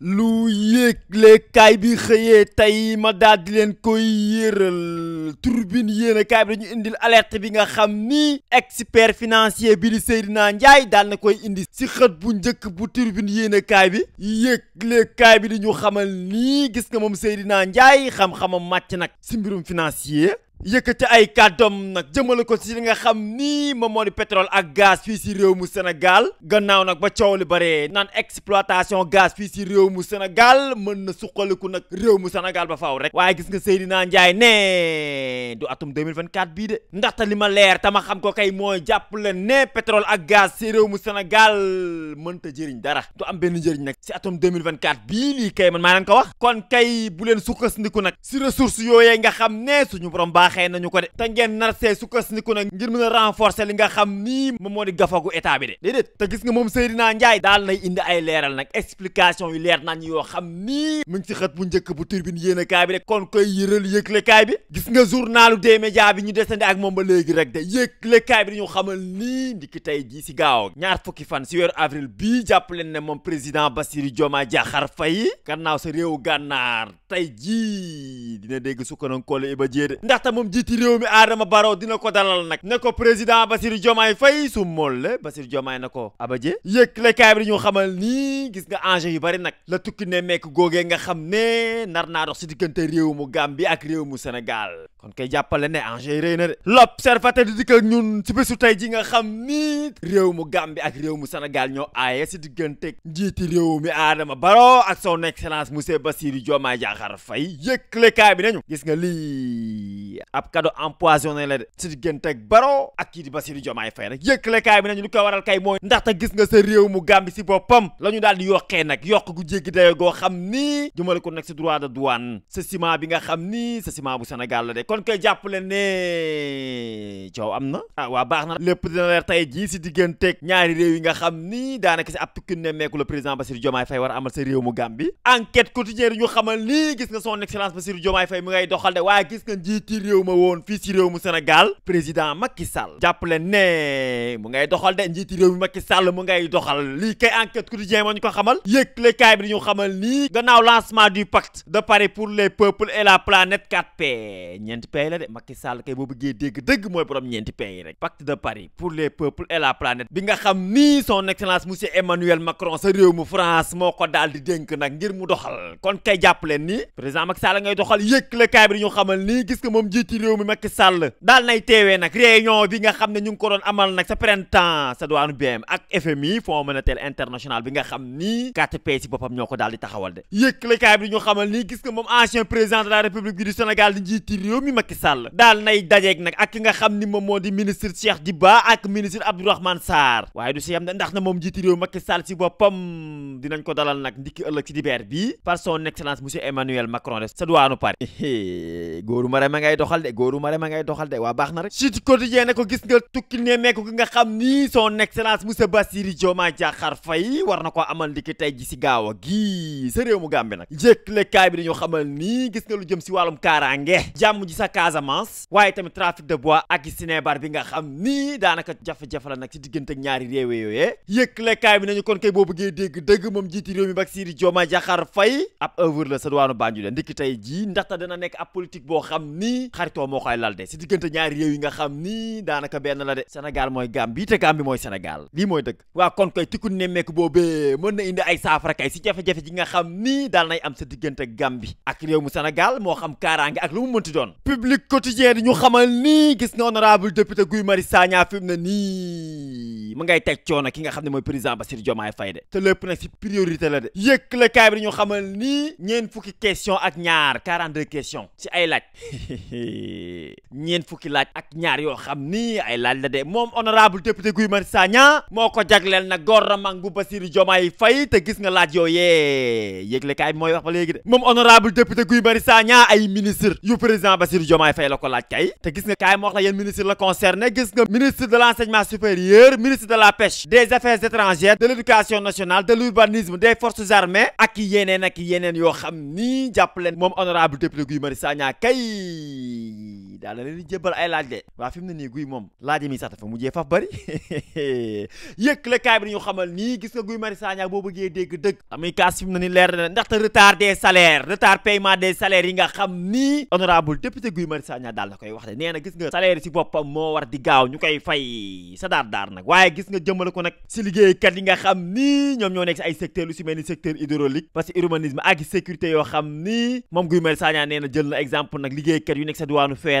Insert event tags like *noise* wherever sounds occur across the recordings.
lu yëglekaay bi xëyee tey ma daal di leen koy yëral turbine yéenekaay bi dañu indil alerte bi nga xam ni expert financier bi di Seydina Ndiaye daal na koy indi si xët bu njëkk bu turbine yéenekaay bi yëglekaay bi di ñu xamal nii gis nga moom Seydina Ndiaye xam-xamam màcc nag si mbirum financier yëkkati ay kàddoom nag jëmale ko ci li nga xam nii moom moo di pétrole ak gaz fii si réew mu Sénégal gannaaw nag ba coow li bare naan exploitation gaz fii si réew mu Sénégal mën na suqaliku nag réew mu Sénégal ba faaw rek waaye gis nga naa Ndiaye ne du atum 2024 bii de ndaxte li ma leer tama xam ko kay mooy jàpp leen ne pétrole ak gaz si réew mu Sénégal mënta jëriñ dara du am benn jëriñ nag si atum 2024 bii lii kay man maa leen ko wax kon kay bu leen sukkandiku nag ci ressources yooyee nga xam ne suñu borom baa baaxee nañu ko de te ngeen nar see sukkandiku nag ngir mën a renforcer li nga xam nii moom moo di gafagu état de déedéet te gis nga moom Seydina Ndiaye daal nay indi ay leeral nag explication yu leer nañ mu ngi ci xët bu njëkk bu turbine yéen bi de kon koy yëral yëglekaay bi gis bi ba léegi rek de yëglekaay bi dañu xamal nii ndiki tey jii si gaaw ñaar fukki fan si weeru avril bii jàpp leen ne moom président Bassirou Diomaye Diakhar Faye gannaaw sa réew gànnaar tey jii dina dégg sukkandiku Iba Diédé ndaxte moom jiiti réew mi Adama Barrow dina ko dalal nag ne ko président Bassirou Diomaye Faye su molle Bassirou Diomaye na ko abaje yëglekaay bi ñu xamal nii gis nga enjeu yu bari nag la tukki ne mekk googee nga xam ne nar naa si diggante réew mu Gambie ak réew mu Sénégal kon koy jàppale ne enjeu yi na de l'observateur di dikk ak ñun si tey ji nga xam ni réew mu Gambie ak réew mu Sénégal ñoo aaye si diggante njiiti réew mi Adama Barrow ak son excellence monsieur Bassirou Diomaye Diakhar Faye yëglekaay gis nga lii ab cadeau empoisonné la de si digganteeg Barrow ak kii di Bassirou Diomaye Faye rek yëkkale kaay bi nañu lu ko waral kay mooy ndaxte gis nga sa réew mu Gàmbi si boppam la ñu daal di yokkee nag yokk gu jéggi de goo xam nii jëmale ko nag si droit de douane sa ciment bi nga xam nii sa ciment bu senegal la de kon koy jàpp leen ne coow am na ah waa baax na lépp dina leer tey jii si digganteeg ñaari réew yi nga xam nii daanaka si ab tukki ne meeku le président Bassirou Diomaye Faye war a amal sa réew mu Gàmbi enquête quotidienne ñu xamal nii gis nga son excellence réew ma woon fii ci président Macky Sall jàppale ne mu ngay doxal de njiiti réew mi Macky mu ngay doxal lii kay enquête quotidien moo ñu ko xamal yëgle kaay bi ñu xamal nii gannaaw lancement du pacte de Paris pour les peuples et la planète 4P ñeenti pays la de Macky Sall kay boo bëggee dégg dëgg mooy borom ñeenti pays rek pacte de Paris pour les peuples et la planète bi nga xam ni son excellence monsieur Emmanuel Macron sa réew mu France moo ko daal di dénk njiiti réew mi Macky Sall daal nay teewee nag réunion bi nga xam ne ñu ngi ko doon amal nag sa printemps sa douane BM ak FMI Fonds monétaire international bi nga xam ni 4P si boppam ñoo ko daal di taxawal de yëkkalekaay bi ñu xamal nii gis nga moom ancien président de la république bi du Sénégal di njiiti réew mi Macky Sall daal nay dajeeg nag ak ki nga xam ni moom moo di ministre Cheikh Diba ak ministre Abdourahmane Sarr waaye du si yam ndax na moom njiiti réew Macky Sall si boppam dinañ ko dalal nag ndikki bi par son excellence monsieur Emmanuel Macron de sa doxal de góoru mare ma ngay doxal de waa baax na rek Sud Quotidien ne ko gis nga tukki ne meeku gi nga xam ni son excellence monsieur Bassirou Diomaye Diakhar Faye war na ko amal ndiki tey ji si a gii sa réew mu Gàmbi nag yëglekaay bi dañoo xamal ni gis nga lu jëm si wàllum kaaraange jàmm ji sa xam ni daanaka jafe-jafe la nag si diggante ak ñaari réew ab œuvre la sa duwaanu Banjul ndiki tey ji ndaxte dana nekk ab politique boo xam ni xaritoo moo koy lal de si diggante ñaari réew yi nga xam ni daanaka benn la de Sénégal mooy Gambie te Gambie mooy Sénégal lii mooy dëgg waa kon koy tikku nemmeeku boobee mën na indi ay saafara kay si jafe-jafe ji nga xam nii daal nay am sa diggante Gambie ak réew mu Sénégal moo xam kaaraange ak lu mu mënti doon public quotidien ñu xamal ni gis nga honorable député Guy Marius Sagna fi mu ne nii mu ngay teg coono ki nga xam ne mooy président Bassirou Diomaye Faye de si priorité la de yëkkale kaay bi ñu fukki question ak ñaar 42 questions si ay laaj *laughs* ñeent fukki laaj ak ñaar yoo xam ni ay laaj la de moom honorable député Guy Marius Sagna moo ko jagleel nag gouvernement bu Bassirou Diomaye Faye te gis nga laaj yooyee yëgle kaay mooy wax ba léegi de moom honorable député Guy Marius Sagna ay ministre yu président Bassirou Diomaye Faye la ko laaj kay te gis nga kaay moo wax la yéen ministre la concerné gis nga ministre de l'enseignement supérieur ministre de la pêche des affaires étrangères de l'éducation yi daal da leen di jébbal ay laaj de waa fi mu ne nii guy moom laaj mi sax dafa mujjee faf bëri *laughs* yëkkale kaay bi nii nga Guy Marius Sagna boo na ndaxte retard des salaires retard paiement des salaires xam nii honorable député Guy Marius Sagna daal na koy wax de nee na gis nga salaire si boppam moo war di gaaw ñu koy fay sa daar daar nag waaye gis nga jëmmal ko nag si liggéeykat yi nga xam nii ñoom ñoo nekk si ay secteur lu si mel secteur hydraulique parce que ak sécurité yoo xam nii moom Guy Marius Sagna nee jël na exemple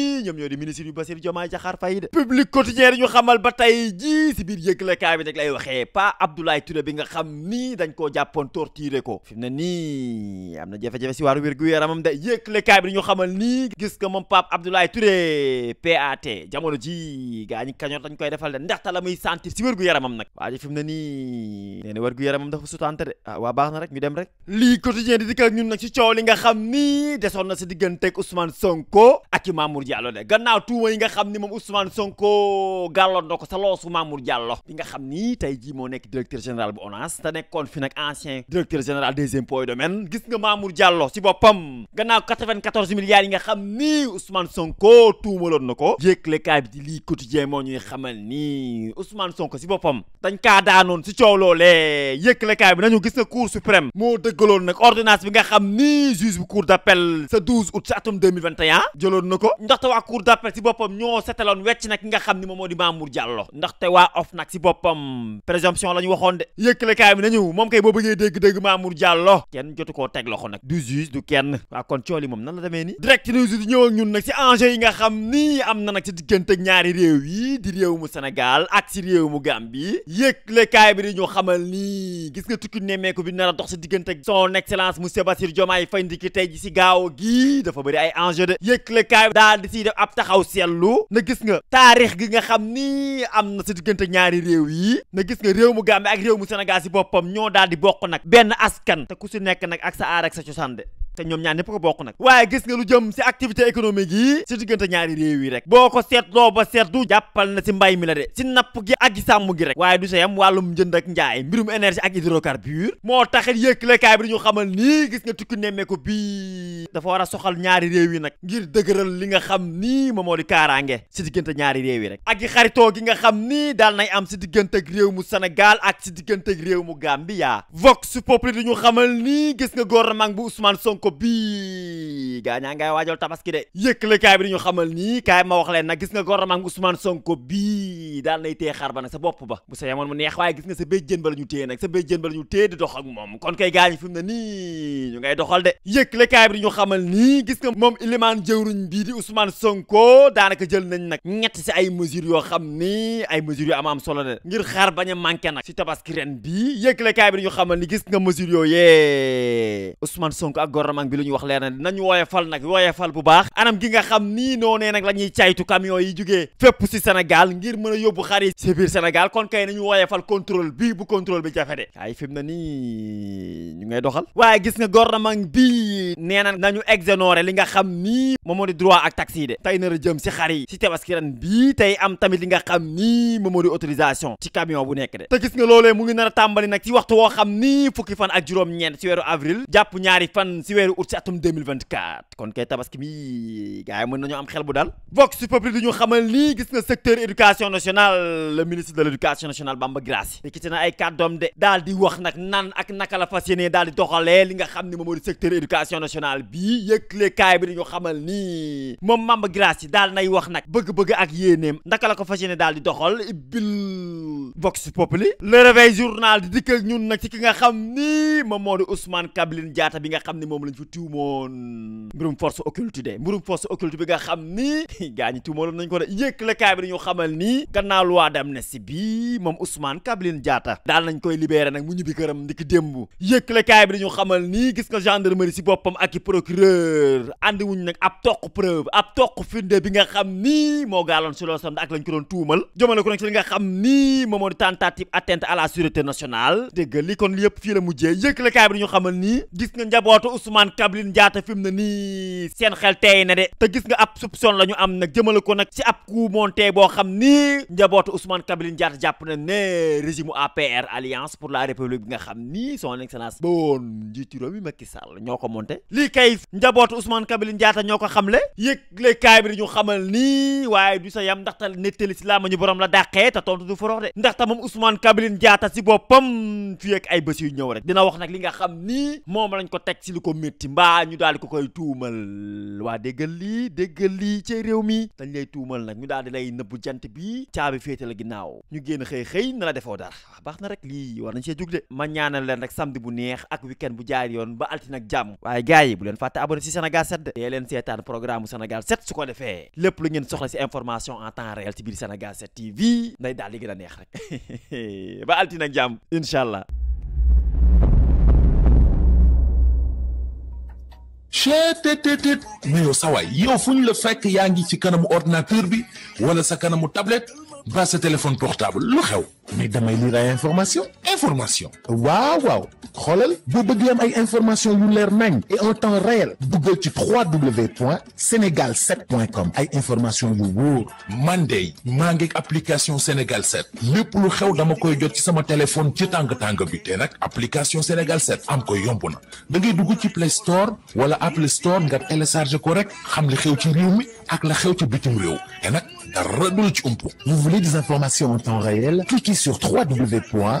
yi ñoom ñoo di ministre yu Bassirou Diomaye Diakhar Faye de public quotidien ñu xamal ba tey jii si biir yëglekaay bi rek lay waxee pa Abdoulaye Touré bi la muy sentir si wér-gu-yaramam nag waa ji fi mu ne nii nee na wér-gu-yaramam dafa sutante de ah waa baax na rek ñu dem rek lii quotidien di dikk ak ñun nag si coow nga xam ni desoon si digganteeg Ousmane Sonko ak Mamour Diallo de gannaaw tuuma yi nga xam ni moom Ousmane Sonko gàlloon na ko sa loosu Mamour Diallo bi nga xam ni tey jii moo nekk directeur général bu ONAS te nekkoon fi nag ancien directeur général des impôts et domaines gis nga Mamour Diallo si boppam gannaaw 94 milliards yi nga xam ni Ousmane Sonko tuumaloon na ko yëglekaay bi bi nañu gis nga cour suprême moo dëggaloon nag ordonnance bi nga xam ni juge bu cour d'appel sa 12 août ndaxte waa cour d'appel si boppam ñoo setaloon wecc nag ki nga xam ni moom moo di Mamour Diallo ndaxte waa OFNAC si boppam présomption la ñu waxoon de yëkkale kaay bi nañu moom kay boo bëggee dégg-dégg Mamour Diallo kenn jotu du kenn waa kon cool moom nan la demee ni direct news di ñëw ak ñun nag si enjeu yi nga xam ni am na nag si diggante ak ñaari réew yi di réew mu Sénégal ak si réew mu Gambie yëkkale kaay bi dañoo xamal ni gis nga tukki nemmeeku bi nar a dox si diggante ak son excellence monsieur Bassirou Diomaye Faye ndiki tey ji si gaaw gi dafa bëri ay enjeu de yëkkale kaay bi daal di siy def ab taxaw seetlu na gis nga taarix gi nga xam ni am na sa diggante ñaari réew yii na gis nga réew mu Gambie ak réew mu senegal si boppam ñoo daal di bokk nag benn askan te ku si nekk nag ak sa aar ak sa cosaan de te ñoom ñaar ñëpp ko bokk nag waaye gis nga lu jëm si activité économique yi si diggante ñaari réew yi rek boo ko seetloo ba seetlu jàppal na si mbay mi la de si napp gi ak gi sàmm gi rek waaye du sa am wàllum njënd ak njaay mbirum énergie ak hydrocarbure moo taxit yëkkalekaay bi dañu xamal nii gis nga tukki nemmeeku bii dafa war a soxal ñaari réew yi nag ngir dëgëral li nga xam nii moom moo di kaaraange si diggante ñaari réew yi rek ak gi xaritoo gi nga xam nii daal nay am si diggante ak mu Sénégal ak diggante réew mu Gambia vox populi dañu xamal nii gis nga gouvernement bu Ousmane Sonko Sonko bi gaa ñaa ngay waajal tabaski de yëkkale kaay bi di ñu xamal nii kaay ma wax leen nag gis nga gouvernement Ousmane Sonko bi daal nay téye xar ba nag sa bopp ba bu sa yemoon mu neex gis nga sa béjjën ba la ñu téye nag sa béjjën ba la ñu téye di dox ak moom kon kay gaa ñi fi mu ne nii ñu ngay doxal de yëkkale kaay bi di ñu xamal nii gis nga moom ilimaan jëwriñ bii di Ousmane Sonko daanaka jël nañ nag ñett si ay mesures yoo xam ni ay mesures yu am am solo de ngir xar bañ a manqué nag si tabaski bi yëkkale kaay bi di ñu xamal ni gis nga mesures yooyee Ousmane Sonko programme bi lu ñu wax leer na bu baax anam gi nga xam nii noonee nag la ñuy caytu camion yi jugee fépp si Sénégal ngir mën a yóbbu xar yi si biir Sénégal kon kay nañu woyefal contrôle bii bu contrôle bi jafe de ay fi na nii ñu ngay doxal waaye gis nga gouvernement bi nee na nañu exonéré li nga xam nii moom moo di droit ak taxe yi de tey nar jëm si xar yi si tabaski ren bii tey am tamit li nga xam nii moom moo di autorisation ci camion bu nekk de te gis nga loolee a tàmbali nag ci waxtu woo weeru août si atum 2024 kon kay tabaski mi gars yi mën nañoo am xel bu dal vox populi di xamal nii gis nga secteur éducation nationale na ay kàddoom de daal ak naka la fas yéene daal di doxalee li nga xam ne moom di secteur éducation nationale bi yëkkale kaay nii moom Bamba Grace daal nay wax nag bëgg-bëgg ak yéeneem naka la ko fas yéene daal di doxal bil vox populi le réveil nga xam ni moom moo di Ousmane Kabiline Diatta nga xam ni moom lañ fi tuumoon mbirum force occulte de mbirum force occulte bi nga xam ni *laughs* gaa ñi tuumaloon nañ ko de yëkkalekaay bi dañoo bi moom Ousmane xamal ni gis nga gendarmerie si boppam ak i procureur andi wuñ nag ab toq preuve ab toq firnde bi nga xam ni moo gaaloon si loo sam ak lañ ko doon tuumal jëmale ko nag si li nga xam ni moom moo di tentative atteinte à la sûreté nationale dégg li kon li yëpp fii la mujjee yëkkalekaay bi dañoo xamal ni gis nga njabootu Ousmane Ousmane Kabiline Diatta fi mu ne nii seen xel teey na de te gis nga ab soupçon la am nag jëmale ko nag ci ab coup monté boo xam ni njabootu Ousmane Kabiline Diatta jàpp na ne régime APR alliance pour la république bi nga xam sa son excellence bon njiitu réew mi Macky Sall ñoo ko monté lii kay njabootu Ousmane Kabiline Diatta ñoo ko xamle yëgle kaay bi ñu xamal nii waaye du sa yam ndaxte nettali si laa ma ñu borom la dàqee te tontu du forox de ndaxte moom Ousmane si boppam fii ak ay bés yu métti mbaa ñu daal di ko koy tuumal waa déggal lii déggal lii ci réew mii dañ lay tuumal nag ñu daal di lay nëbbu jant bi caabi féete la ginnaaw ñu génn xëy xëy na la defoo dara ah, baax na rek lii war nañ see jug de ma ñaanal leen rek samedi bu neex ak weekend bu jaar yoon ba altine ak jàmm waaye gars yi bu leen fàtte abonné si Sénégal 7 de dee leen seetaan programme Sénégal 7 su ko defee lépp lu ngeen soxla si information en temps réel ci biir Sénégal 7 TV nday di gën a neex rek *laughs* ba altine ak jàmm chetttt mais yow sawaay yow fu ñu la fekk yaa ngi ci kanamu ordinateur bi wala sa kanamu tablette ba sa téléphone portable lu xew mais damay lire ay information information waaw waaw xoolal boo bëgg am ay information yu leer nañ et en temps réel duggal ci 3w point sénégal 7 point com ay information yu wóor man de maa ngi application sénégal 7 lépp lu xew dama koy jot ci sama téléphone ci tàng tàng bi te nag application sénégal 7 am yomb na da ngay dugg ci wala apple store nga télécharge ko rek xam li xew ci réew mi ak la xew ci bitim réew te dara du la umpu vous voulez des informations en temps réel cliquez sur w point